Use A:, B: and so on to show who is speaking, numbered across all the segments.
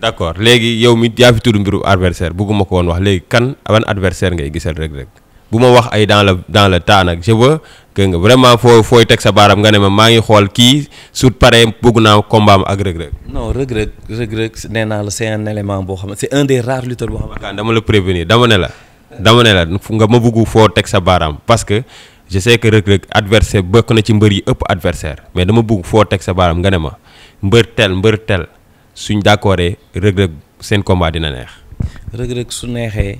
A: d' accord léegi yow mi yaa fi tudd mbiru adversaire bugguma ko woon wax léegi kan ban adversaire ngay gisal Reug Reug bu ma wax ay dans le dans le temps nag je veux que nga vraiment foo fooy teg sa baaram nga ne ma maa ngi xool kii su paree bëgg naa kombaam ak Reug Reug.
B: non Reug Reug nee naa la c' boo xam ne c' est un boo xam
A: ne dama la prévenir dama la. dama ne la ma bëgg foo teg sa baaraam parce que je sais que Reug Reug na ci mbër yi ëpp adversaire mais dama bëgg foo teg sa baaraam nga ne ma mbër tel mbër tel. suñ d'accordee rëg-rëg seen combat dina neex.
B: rëg-rëg su neexee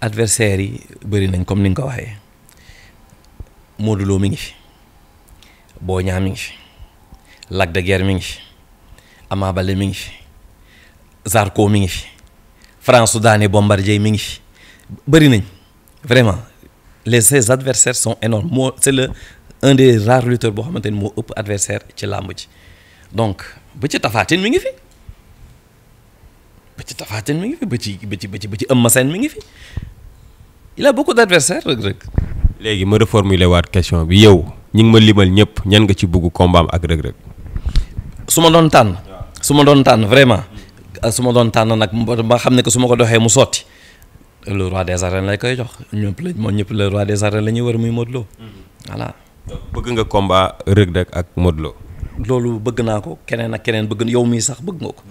A: adversaires yi bëri nañ comme ni nga ko waxee Modou Lo mi ngi fi
B: Boy Niang mi ngi fi Lac de Guiers mi ngi fi Ama Baldé mi ngi ci fi Zarko mi ngi fi France su daane Bombardier mi ngi ci bëri nañ vraiment les ses adversaires sont énormes moo c'est le un des rares boo xamante ni moo ëpp adversaire ci làmb ci donc ba ci tafaatin mi ngi fi ba ci tafaatin mi ngi fi ba ci ba ci ci ba ci Eumeu mi ngi fi
A: il a beaucoup d'adversaires Reug léegi ma reformuler waat question bi yow ñi ngi ma limal ñëpp ñen nga ci bugg kombaam ak Reug Reug su ma doon tànn su ma doon tànn
B: vraiment euh, su ma doon tànn nag ma xam ne que su ma ko doxee mu sotti le roi des arènes lay koy jox ñëpp la ñëpp le roi des arènes la ñuy wër muy Modou Lo mm-hmm.
A: bëgg nga combat Reug Reug ak Modou loolu bëgg naa ko keneen ak keneen bëgg yow mii sax bëgg nga ko